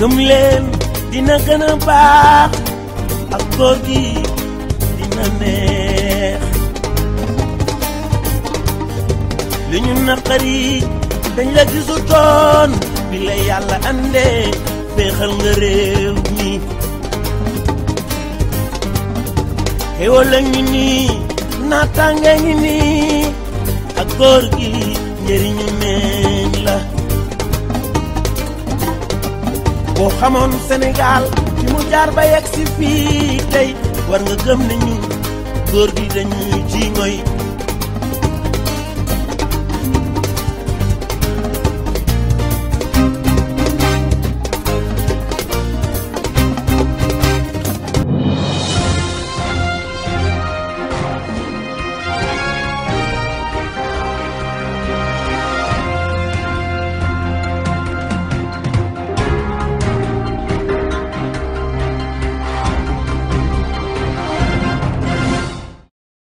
gëm dina gën a baax ak góor gi dina neex li ñu naqari dañ la gisutoon bi la yàlla andee féexal nga réew mi xéwal a ngi nii naataange ngi nii ak góor gi njëriñu neex boo xamoon Sénégal ci mu jaar ba yegg fii tey war nga gëm ne ñun góor gi dañuy ci ngoy